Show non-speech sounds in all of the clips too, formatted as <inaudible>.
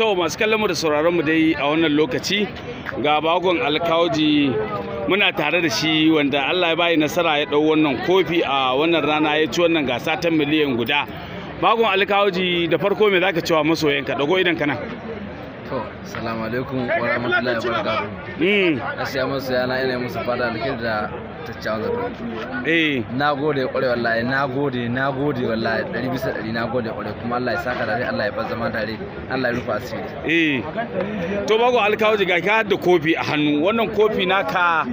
to masu kallon mu da sauraron mu dai a wannan lokaci ga bakon alkauji muna tare da shi wanda Allah ya bayi nasara ya dau wannan kofi a wannan rana ya ci wannan gasa ta miliyan guda bakon alkauji da farko me zaka cewa masoyanka dago idan kana to assalamu alaikum wa rahmatullahi wa barakatuh mm gaskiya masoyana ina musu fada alkin da kyakkyawan zato eh na gode kware wallahi na gode na gode wallahi ɗari bisa ɗari na gode kware kuma Allah ya saka tare Allah ya tare Allah ya rufa asiri eh to bago ga ka da kofi a hannu wannan kofi naka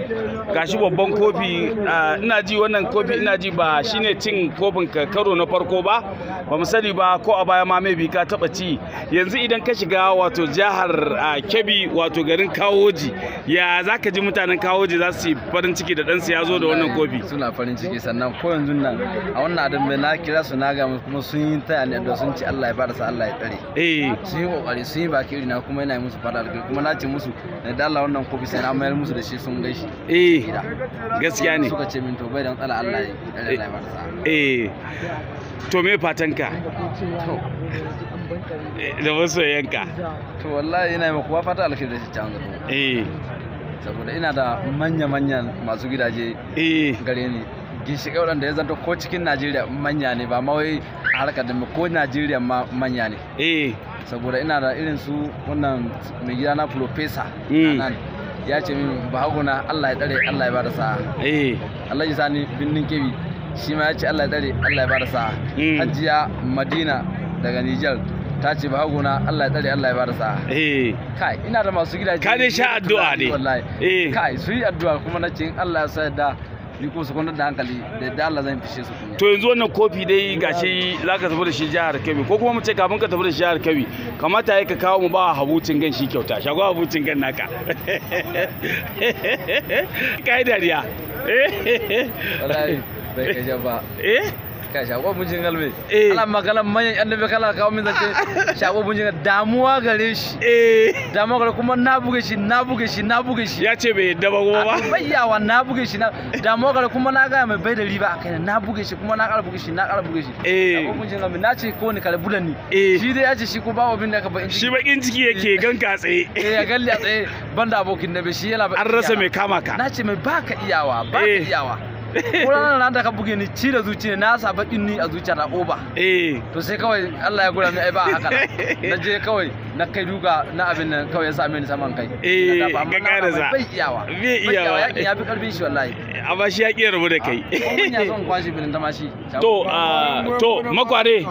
gashi babban kofi ah, ina ji wannan kofi ina ji ba shine cin kofin ka karo na farko ba ba mu sani ba ko a baya ma mai bi ka taba ci yanzu idan ka shiga wato jihar ah, Kebbi wato garin Kawoji ya zaka ji mutanen Kawoji za su yi farin ciki da dan siyasa ya zo da wannan kofi suna farin ciki sannan ko yanzu nan a wannan adam bai na kira su na ga kuma sun yi ta ne da sun ci Allah ya fara sa Allah ya tsare eh sun yi kokari sun yi baki na kuma yana musu fara da kuma na ce musu na da Allah wannan kofi sai na mayar musu da shi sun gaishe eh gaskiya ne suka ce min to bai da tsala Allah ya Allah ya fara sa eh to me fatanka da yanka to wallahi ina mai kuwa fata alkhairi da shi can eh saboda ina da manya-manyan masu gidaje eh. gare ni ginshiƙe waɗanda ya zanto ko cikin najeriya manya ne ba mawai a harkar da ko najeriya ma manya ne eh. saboda ina da irin su wannan mai gida na profesa hmm. nan ya ce min ba hakuna allah ya tsare allah ya da sa eh. allah ya sani binnin kebi shi ma ya ce allah ya tsare allah ya da sa'a hmm. hajiya madina daga nijar ta ce ba gona Allah ya tsare Allah ya bada sa eh kai ina da masu gidaje ka dai sha addu'a ne wallahi eh kai su yi addu'a kuma na ce in Allah ya sa yadda ni ko su kwana da hankali da yadda Allah zan fishe su to yanzu wannan kofi dai gashi zaka tafi da shi jihar Kebbi ko kuma mu ce kafin ka tafi da shi jihar Kebbi kamata ya ka kawo mu ba habucin gan shi kyauta shago habucin gan naka <laughs> kai dariya eh <laughs> wallahi bai kaje ba eh ka shago bunjin galbe eh. ala magana manyan yan dabe kala kawo min zace shago bunjin damuwa gare shi eh. damuwa gare kuma na buge shi na buge shi na buge shi ya ce bai yadda ba goma ba ah, bayyawa na buge shi na damuwa gare kuma na ga mai bai da riba a kai na buge shi kuma na ƙara buge shi na ƙara buge shi eh mun bunjin galbe na ce ko ni kare bulan ni eh. shi dai ya ce shi ko babu abin da ka ba shi bakin ciki yake ganka tsaye eh ya galli a tsaye banda abokin da bai shi yana ba an rasa mai kama ka na ce mai baka iyawa baka iyawa Kurana na da ka buge ni ci da zuciya na sa bakin ni a zuciya na oba. Eh. To sai kawai Allah ya gura ni ai ba haka. <laughs> Na je kawai na kai duka na abin nan kawai ya same ni saman kai eh ga kara za bai iyawa bai iyawa yakin ya fi karfin shi wallahi amma shi ya kiyar rabu da kai ah, kuma ya zan kwashi bilin ta mashi to ah, to makware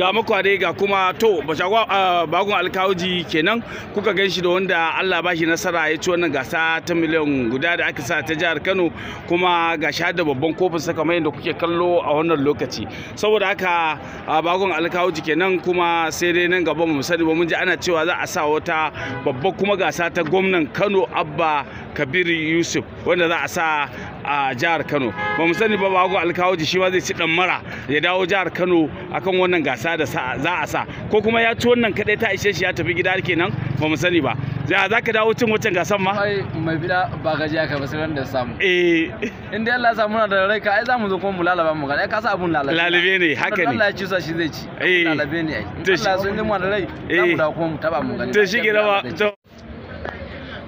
ga makware ga kuma to bashagwa ah, bagun alkawuji kenan kuka ganshi da wanda Allah ba shi nasara ya ci wannan gasa ta miliyan guda da aka sa ta jihar Kano kuma ga shi da babban kofin saka mai da kuke kallo a wannan lokaci saboda haka bagun alkawuji kenan kuma sai dai nan gaba mu sani ba mun ji ana ci. cewa za a sa wata babbar kuma gasa ta gwamnan Kano Abba Kabir Yusuf wanda za a sa a jihar Kano ba mu sani ba bago alkawaji shi ma zai ci dan mara ya dawo jihar Kano akan wannan gasa da za a sa ko kuma ya ci wannan kadai ta ishe shi ya tafi gida kenan ba mu sani ba za za ka dawo cin wucin gasan ma ai mai bida ba gajiya ka basu ran da samu eh Inda Allah ya samu da rai ka ai za mu zo kuma mu lalaba mu ga. ai ka sa abun lalabe lalabe ne haka ne Allah ya ci sa shi zai ci eh. lalabe ne ai Allah sun nima da rai za mu eh. dawo kuma mu taba mu gani to shi ke rawa to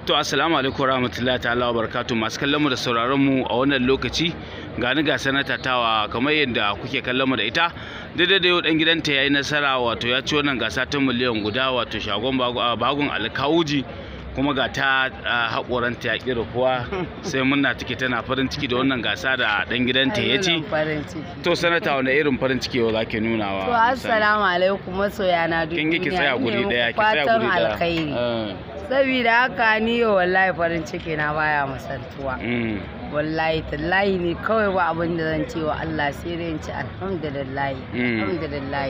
to assalamu alaikum warahmatullahi ta'ala wa masu kallon mu da sauraron mu a wannan lokaci gani ga sanata tawa kamar yadda kuke kallon mu da ita daidai da yau dan gidanta ya yi nasara wato ya ci wannan gasa ta miliyan guda wato shagon bagon alkawuji kuma ga ta haƙoranta ya ƙi rufuwa <laughs> sai muna take tana farin ciki da wannan gasa da dan gidanta ya ci to sanata wani irin farin ciki yau zaki nuna wa to assalamu alaikum masoya na duniya kin ki tsaya guri daya ki tsaya guri daya alkhairi eh. saboda haka ni yau wallahi farin ciki na baya masantuwa mm. wallahi tallahi ne kawai ba abin da zan ce wa Allah sai dai in ci alhamdulillah mm. alhamdulillah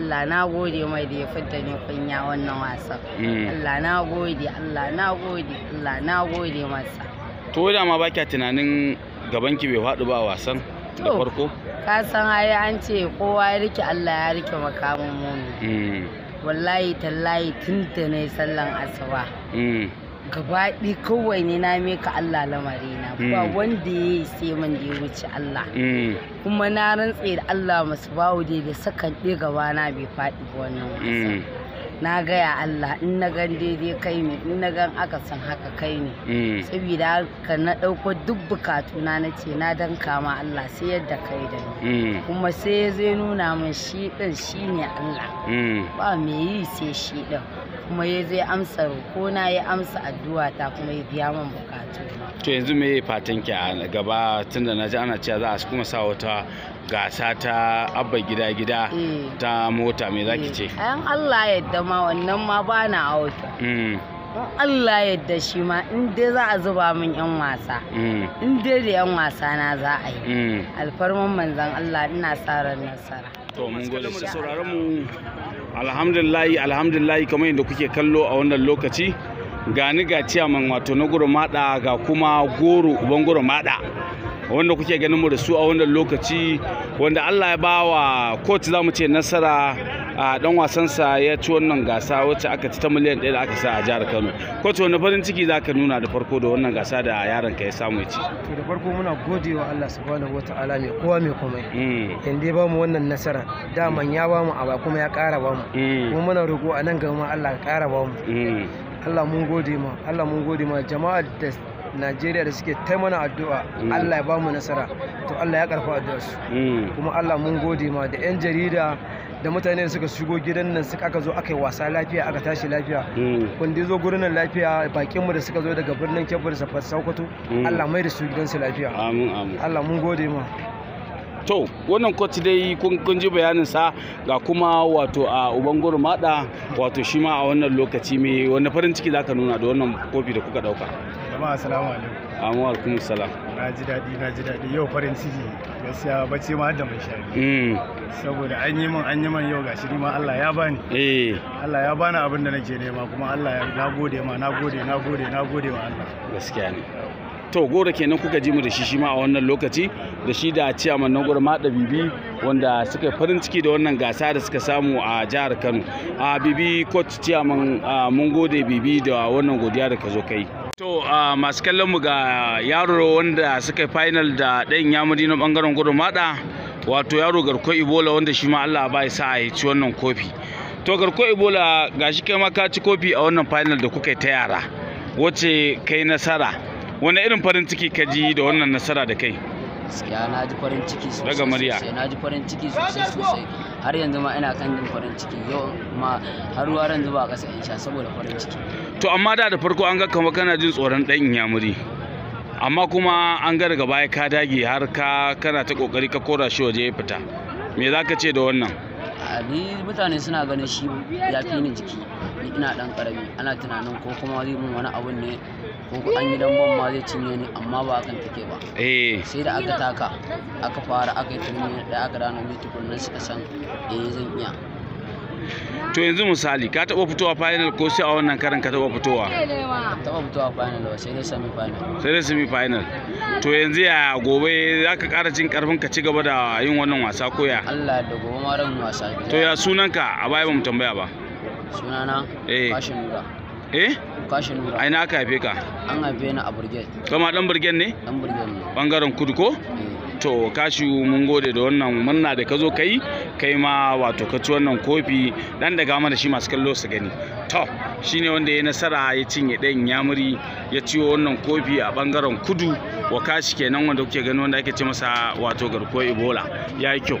Allah na gode mai da ya fidda ni kunya wannan wasan mm. Allah na gode Allah na gode Allah na gode masa to da ma baki tunanin gaban ki bai faɗi ba a wasan da farko ka san ai an ce kowa ya rike Allah ya rike makamin mu mm. wallahi tallahi tun da ne sallan asuba gabaɗi kawai ne na meka Allah lamari na ba hmm. wanda ya yi sai man da ya wuce Allah hmm. kuma na rantse da Allah masu bawo da da sakan ɗi gaba na bai faɗi wannan hmm. na gaya Allah in na gan daidai kai ne in na gan aka san haka kai ne saboda haka na ɗauko duk bukatu na na ce na dan kama Allah sai yadda kai da ni kuma sai ya zai nuna min shi ɗin shi ne Allah ba me yi sai shi ɗin kuma ya zai amsa ko na ya amsa addu'a ta kuma ya biya min bukatu to yanzu me fatan ki a gaba tunda naji ana cewa za a kuma sa wata gasa ta abba gida gida eh. ta mota me zaki ce ayan eh, Allah yadda ma wannan ma bana auta mm. Allah yadda shi ma in dai za a zuba min yan wasa mm. in dai da yan wasa na za a yi mm. alfarman manzan Allah ina sa ran nasara to mun gode sauraron mu alhamdulillahi alhamdulillahi kamar yadda kuke kallo a wannan lokaci gani ga ciyaman wato na goro mada ga kuma goro uban goro mada wanda kuke ganin mu da su a wannan lokaci wanda Allah ya ba wa coach mu ce nasara a dan wasansa ya ci wannan gasa wacce aka ci ta miliyan ɗaya da aka sa a jihar kano kwace wani farin ciki za ka nuna da farko da wannan gasa da yaron ka ya samu ci to da farko muna gode wa allah subhanahu wa ta'ala mai kowa mai komai in mm. dai ba mu wannan nasara daman ya ba mu aba kuma ya ƙara ba mm. mu kuma muna roƙo a nan gama allah ya ƙara ba mu mm. allah mun gode ma allah mun gode ma jama'a da Najeriya da suke ta mana addu'a Allah ya ba mu nasara to Allah ya karfa addu'a. su kuma Allah mun gode ma da 'yan jarida da mutane suka shigo gidan nan suka aka zo aka yi wasa lafiya aka tashi lafiya wanda mm. zo gurin nan lafiya bakin mu da suka zo daga birnin Kebbi da Sokoto mm. Allah mai da su gidan su lafiya amin amin Allah mun gode ma to wannan kwaci dai kun ji bayanin sa ga kuma wato a uban gurmada wato shi ma a wannan lokaci mai wani farin ciki zaka nuna da wannan kofi da kuka dauka jama'a assalamu alaikum amma alaikum salam na ji daɗi na ji daɗi yau farin ciki gaskiya bace ma da mai shari mm. saboda an yi min an yi min yau gashi ni ma Allah ya bani eh Allah ya bani abin da nake nema kuma Allah ya na gode ma na gode na gode na gode ma Allah gaskiya ne to goro kenan kuka ji mu da shi shi ma a wannan lokaci da shi da ciyaman nan goro mada bibi wanda suka farin ciki da wannan gasa da suka samu a jihar kano a ah, bibi coach ciyaman ah, mun gode bibi da wannan godiya da ka zo kai To uh, masu kallon mu ga yaro wanda suka final da ɗan yamudi na ɓangaren gudun maɗa wato yaro garko Ibola wanda shi ma Allah ba ya sa a ci wannan kofi. To garko Ibola ga shi kai ma ka ci kofi a wannan final da kuka yi ta yara wace kai nasara. Wani irin farin ciki ka ji da wannan nasara da kai? Gaskiya na ji farin ciki sosai. Na ji farin ciki sosai sosai. har yanzu ma ina kan jin farin ciki yau ma har ruwa ran zuba kasa in sha saboda farin ciki to amma da da farko an ga kamar kana jin tsoron dan inyamuri amma kuma an ga daga baya ka dage har ka kana ta kokari ka kora shi waje ya fita me zaka ce da wannan ni mutane suna ganin shi ya fi ni jiki ina dan karami ana tunanin ko kuma zai mun wani abun ne ko an gidan ban ma zai cinye ni amma ba hakan take ba eh. sai da aka taka aka fara aka yi turmi da aka rana mai tukunan suka san eh zan iya to yanzu misali ka taɓa fitowa final ko sai a wannan karin ka taɓa fitowa taɓa fitowa final ba sai dai semi final sai dai semi final to yanzu ya gobe za ka ƙara jin ƙarfin ka ci gaba da yin wannan wasa ko ya Allah da gobe ma ran wasa to ya sunanka a bayan mu tambaya ba sunana kashin eh. nura eh kashin nura ai na haife ka an haife ni a burgen kuma dan burgen ne dan burgen ne bangaren kudu ko eh. to kashi mun gode da wannan murna da ka zo kai kai ma wato ka ci wannan kofi dan daga mana shi masu kallo su gani to shine wanda ya nasara ya cinye ɗayan yamuri ya ciwo wannan kofi a bangaren kudu wa kashi kenan wanda kuke gani wanda ake ce masa wato garkuwar ebola ya yi kyau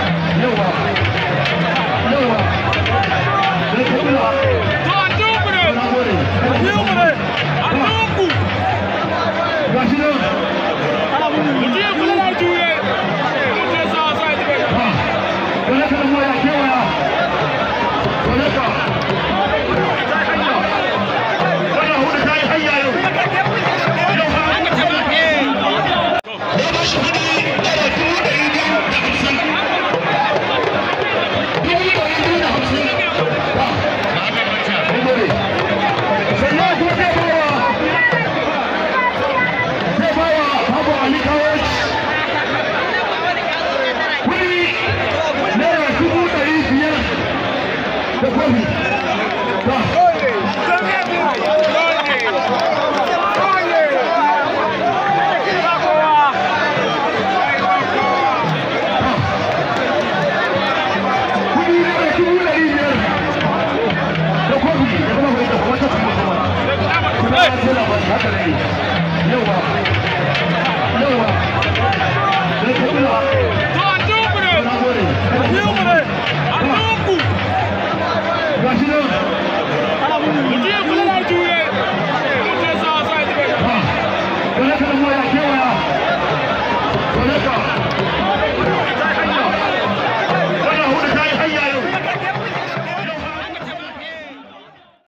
happening.